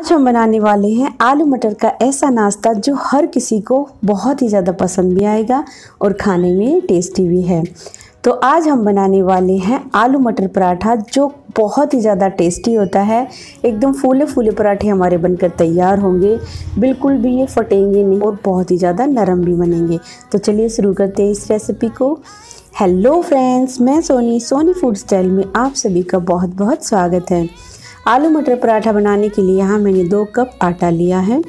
आज हम बनाने वाले हैं आलू मटर का ऐसा नाश्ता जो हर किसी को बहुत ही ज़्यादा पसंद भी आएगा और खाने में टेस्टी भी है तो आज हम बनाने वाले हैं आलू मटर पराठा जो बहुत ही ज़्यादा टेस्टी होता है एकदम फूले फूले पराठे हमारे बनकर तैयार होंगे बिल्कुल भी ये फटेंगे नहीं और बहुत ही ज़्यादा नरम भी बनेंगे तो चलिए शुरू करते हैं इस रेसिपी को हेलो फ्रेंड्स मैं सोनी सोनी फूड स्टाइल में आप सभी का बहुत बहुत स्वागत है आलू मटर पराठा बनाने के लिए यहाँ मैंने दो कप आटा लिया है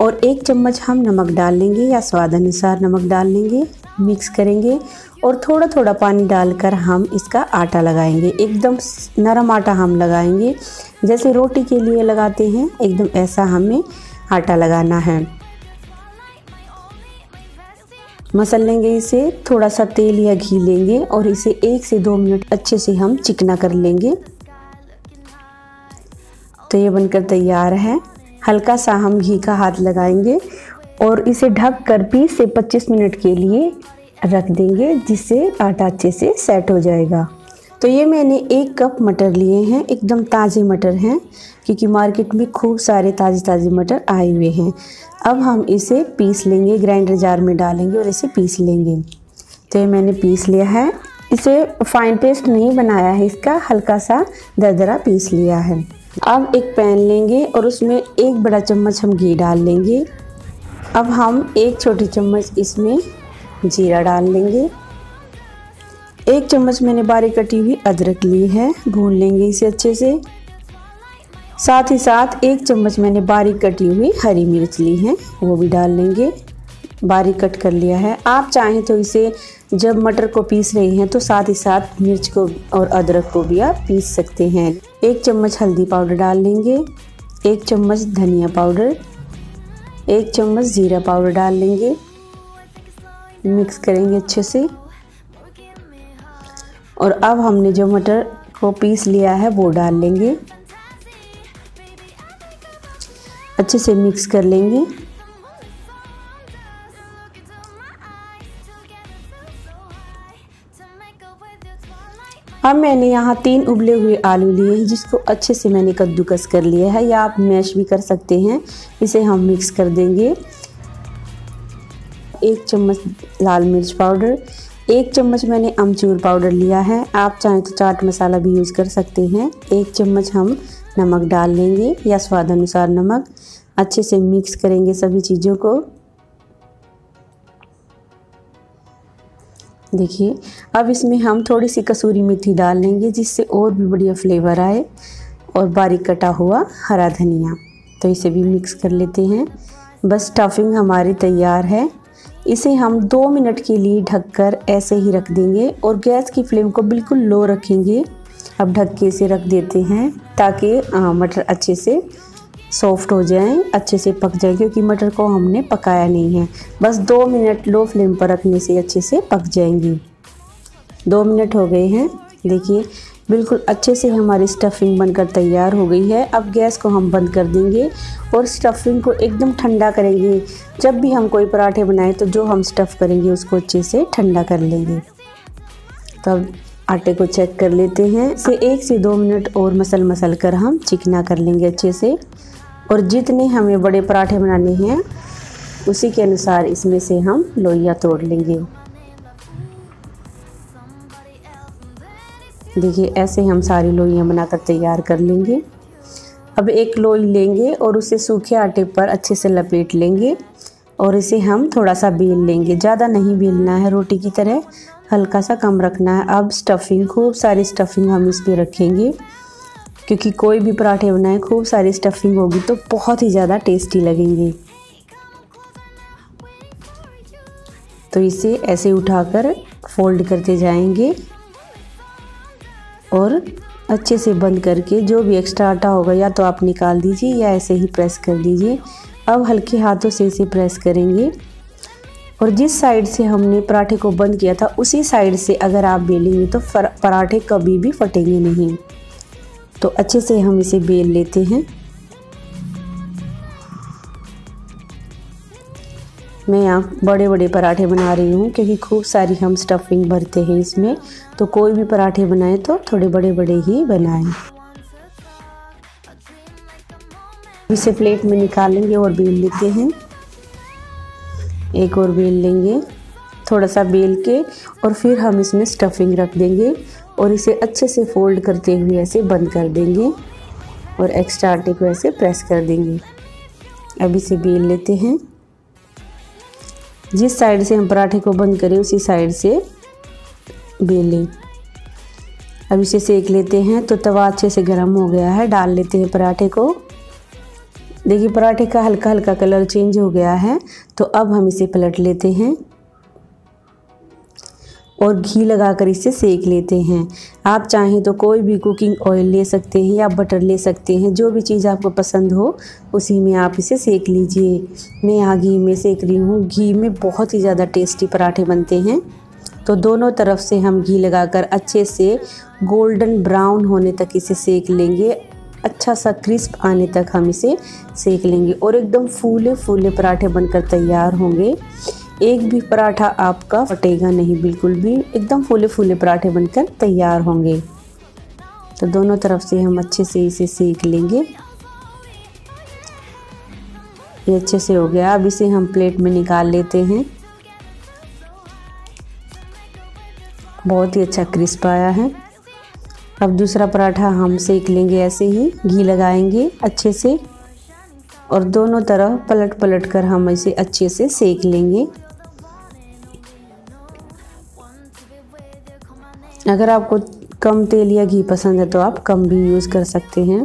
और एक चम्मच हम नमक डाल लेंगे या स्वाद अनुसार नमक डाल लेंगे मिक्स करेंगे और थोड़ा थोड़ा पानी डालकर हम इसका आटा लगाएंगे एकदम नरम आटा हम लगाएंगे जैसे रोटी के लिए लगाते हैं एकदम ऐसा हमें आटा लगाना है मसल लेंगे इसे थोड़ा सा तेल या घी लेंगे और इसे एक से दो मिनट अच्छे से हम चिकना कर लेंगे तो ये बनकर तैयार है हल्का सा हम घी का हाथ लगाएंगे और इसे ढक कर बीस से 25 मिनट के लिए रख देंगे जिससे आटा अच्छे से सेट हो जाएगा तो ये मैंने एक कप मटर लिए हैं एकदम ताज़े मटर हैं क्योंकि मार्केट में खूब सारे ताज़े ताज़े मटर आए हुए हैं अब हम इसे पीस लेंगे ग्राइंडर जार में डालेंगे और इसे पीस लेंगे तो ये मैंने पीस लिया है इसे फाइन पेस्ट नहीं बनाया है इसका हल्का सा दरदरा पीस लिया है अब एक पैन लेंगे और उसमें एक बड़ा चम्मच हम घी डाल लेंगे अब हम एक छोटी चम्मच इसमें जीरा डाल लेंगे एक चम्मच मैंने बारीक कटी हुई अदरक ली है भून लेंगे इसे अच्छे से साथ ही साथ एक चम्मच मैंने बारीक कटी हुई हरी मिर्च ली है वो भी डाल लेंगे बारीक कट कर लिया है आप चाहें तो इसे जब मटर को पीस रहे हैं तो साथ ही साथ मिर्च को और अदरक को भी आप पीस सकते हैं एक चम्मच हल्दी पाउडर डाल लेंगे एक चम्मच धनिया पाउडर एक चम्मच ज़ीरा पाउडर डाल लेंगे मिक्स करेंगे अच्छे से और अब हमने जो मटर को पीस लिया है वो डाल लेंगे अच्छे से मिक्स कर लेंगे अब मैंने यहाँ तीन उबले हुए आलू लिए हैं जिसको अच्छे से मैंने कद्दूकस कर लिया है या आप मैश भी कर सकते हैं इसे हम मिक्स कर देंगे एक चम्मच लाल मिर्च पाउडर एक चम्मच मैंने अमचूर पाउडर लिया है आप चाहें तो चाट मसाला भी यूज़ कर सकते हैं एक चम्मच हम नमक डाल लेंगे या स्वाद अनुसार नमक अच्छे से मिक्स करेंगे सभी चीज़ों को देखिए अब इसमें हम थोड़ी सी कसूरी मेथी डाल लेंगे जिससे और भी बढ़िया फ्लेवर आए और बारीक कटा हुआ हरा धनिया तो इसे भी मिक्स कर लेते हैं बस स्टफिंग हमारी तैयार है इसे हम दो मिनट के लिए ढककर ऐसे ही रख देंगे और गैस की फ्लेम को बिल्कुल लो रखेंगे अब ढक के इसे रख देते हैं ताकि मटर अच्छे से सॉफ्ट हो जाएं अच्छे से पक जाएं क्योंकि मटर को हमने पकाया नहीं है बस दो मिनट लो फ्लेम पर रखने से अच्छे से पक जाएंगी दो मिनट हो गए हैं देखिए बिल्कुल अच्छे से हमारी स्टफिंग बनकर तैयार हो गई है अब गैस को हम बंद कर देंगे और स्टफिंग को एकदम ठंडा करेंगे जब भी हम कोई पराठे बनाएं तो जो हम स्टफ़ करेंगे उसको अच्छे से ठंडा कर लेंगे तब तो आटे को चेक कर लेते हैं से एक से दो मिनट और मसल मसल कर हम चिकना कर लेंगे अच्छे से और जितने हमें बड़े पराठे बनाने हैं उसी के अनुसार इसमें से हम लोइया तोड़ लेंगे देखिए ऐसे हम सारी लोइयाँ बनाकर तैयार कर लेंगे अब एक लोई लेंगे और उसे सूखे आटे पर अच्छे से लपेट लेंगे और इसे हम थोड़ा सा बेल लेंगे ज़्यादा नहीं बेलना है रोटी की तरह हल्का सा कम रखना है अब स्टफिंग खूब सारी स्टफिंग हम इस पर रखेंगे क्योंकि कोई भी पराठे बनाए खूब सारी स्टफिंग होगी तो बहुत ही ज़्यादा टेस्टी लगेंगे तो इसे ऐसे उठाकर फोल्ड करते जाएंगे और अच्छे से बंद करके जो भी एक्स्ट्रा आटा होगा या तो आप निकाल दीजिए या ऐसे ही प्रेस कर दीजिए अब हल्के हाथों से इसे प्रेस करेंगे और जिस साइड से हमने पराठे को बंद किया था उसी साइड से अगर आप बेलेंगे तो पराठे कभी भी फटेंगे नहीं तो अच्छे से हम इसे बेल लेते हैं मैं यहाँ बड़े बड़े पराठे बना रही हूँ क्योंकि खूब सारी हम स्टफिंग भरते हैं इसमें तो कोई भी पराठे बनाए तो थोड़े बड़े बड़े ही बनाएं इसे प्लेट में निकालेंगे और बेल लेते हैं एक और बेल लेंगे थोड़ा सा बेल के और फिर हम इसमें स्टफिंग रख देंगे और इसे अच्छे से फोल्ड करते हुए ऐसे बंद कर देंगे और एक्स्ट्रा आटे को ऐसे प्रेस कर देंगे अब इसे बेल लेते हैं जिस साइड से हम पराठे को बंद करें उसी साइड से बेल लें अब इसे सेक लेते हैं तो तवा अच्छे से गर्म हो गया है डाल लेते हैं पराठे को देखिए पराठे का हल्का हल्का कलर चेंज हो गया है तो अब हम इसे पलट लेते हैं और घी लगाकर इसे सेक लेते हैं आप चाहें तो कोई भी कुकिंग ऑयल ले सकते हैं या बटर ले सकते हैं जो भी चीज़ आपको पसंद हो उसी में आप इसे सेक लीजिए मैं यहाँ घी में सेक रही हूँ घी में बहुत ही ज़्यादा टेस्टी पराठे बनते हैं तो दोनों तरफ से हम घी लगाकर अच्छे से गोल्डन ब्राउन होने तक इसे सेक लेंगे अच्छा सा क्रिस्प आने तक हम इसे सेक लेंगे और एकदम फूले फूले पराठे बनकर तैयार होंगे एक भी पराठा आपका फटेगा नहीं बिल्कुल भी एकदम फूले फूले पराठे बनकर तैयार होंगे तो दोनों तरफ से हम अच्छे से इसे सेक लेंगे ये अच्छे से हो गया अब इसे हम प्लेट में निकाल लेते हैं बहुत ही अच्छा क्रिस्प आया है अब दूसरा पराठा हम सेक लेंगे ऐसे ही घी लगाएंगे अच्छे से और दोनों तरफ पलट पलट कर हम इसे अच्छे से सेक लेंगे अगर आपको कम तेल या घी पसंद है तो आप कम भी यूज़ कर सकते हैं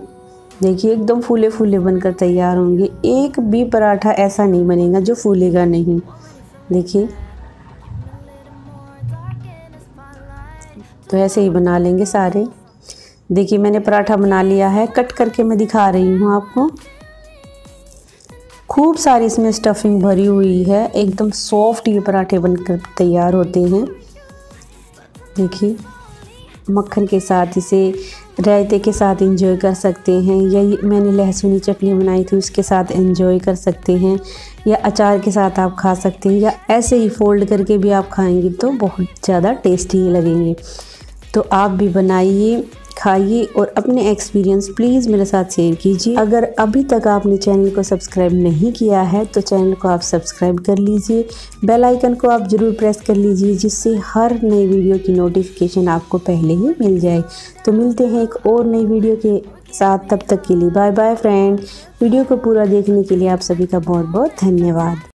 देखिए एकदम फूले फूले बनकर तैयार होंगे एक भी पराठा ऐसा नहीं बनेगा जो फूलेगा नहीं देखिए तो ऐसे ही बना लेंगे सारे देखिए मैंने पराठा बना लिया है कट करके मैं दिखा रही हूँ आपको खूब सारी इसमें स्टफिंग भरी हुई है एकदम सॉफ्ट ये पराठे बनकर तैयार होते हैं देखिए मक्खन के साथ इसे रायते के साथ इंजॉय कर सकते हैं या मैंने लहसुनी चटनी बनाई थी उसके साथ इंजॉय कर सकते हैं या अचार के साथ आप खा सकते हैं या ऐसे ही फोल्ड करके भी आप खाएंगे तो बहुत ज़्यादा टेस्टी लगेंगे तो आप भी बनाइए खाइए और अपने एक्सपीरियंस प्लीज़ मेरे साथ शेयर कीजिए अगर अभी तक आपने चैनल को सब्सक्राइब नहीं किया है तो चैनल को आप सब्सक्राइब कर लीजिए बेल आइकन को आप ज़रूर प्रेस कर लीजिए जिससे हर नई वीडियो की नोटिफिकेशन आपको पहले ही मिल जाए तो मिलते हैं एक और नई वीडियो के साथ तब तक के लिए बाय बाय फ्रेंड वीडियो को पूरा देखने के लिए आप सभी का बहुत बहुत धन्यवाद